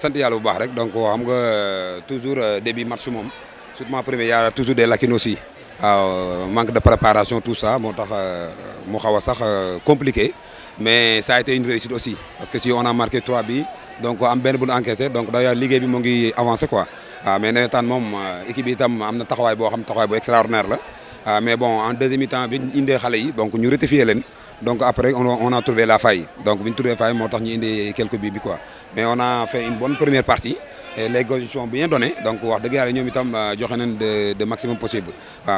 sant yalla bu baax rek donc xam nga euh, toujours euh, début match mom surtout premier y a toujours des lacunes aussi euh, manque de préparation tout ça motax mu sax compliqué mais ça a été une réussite aussi parce que si on a marqué trois buts donc am ben bu nu encaissé donc da ligue bi mo ngi avancé quoi mais nawetaan mom équipe bi itam amna taxaway bo xam taxaway bu extraordinaire la mais bon en deuxième mi-temps bi indé xalé yi donc ñu rectifier len donc après, on, a trouvé la faille. Donc, on a trouvé la faille, on a trouvé quelques bibis. Quoi. Mais on a fait une bonne première partie. les gosses sont bien donnés. Donc, on a fait le de maximum possible.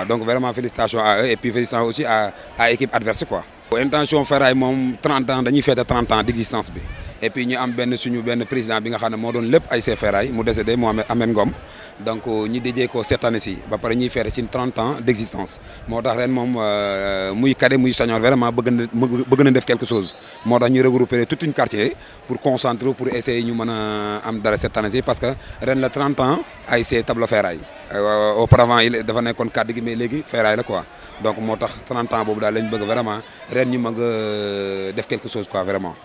donc, vraiment, félicitations à eux et puis félicitations aussi à, l'équipe adverse. Quoi. Intention faire 30 ans, 30 ans d'existence et puis ñu am benn suñu benn président bi nga xam ne doon lépp ay ses ferrailles mu décédé Mohamed Amène Ngom donc euh, ñi déjee ko cette année ci ba pare ñi faire ci 30 ans d'existence motax moo mom ren euh, muy cadre muy Sagnol vraiment bëgg na bëgg na def quelque chose motax ñi regrouper tout un quartier pour concentrer pour essayer ñu mëna am dara cette année ci parce que ren la 30 ans ay ses tableau ferraille euh, auparavant il dafa nékkon cadre gi mais légui ferraille la quoi donc motax 30 ans bobu da lañ bëgg vraiment ren ñu mën def quelque chose quoi vraiment